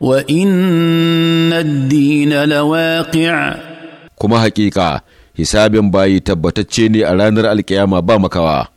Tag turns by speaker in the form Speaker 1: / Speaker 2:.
Speaker 1: وإن الدين لواقع كما حقيقة حساب باي تبتتشيني أرانر القيامة بامكوا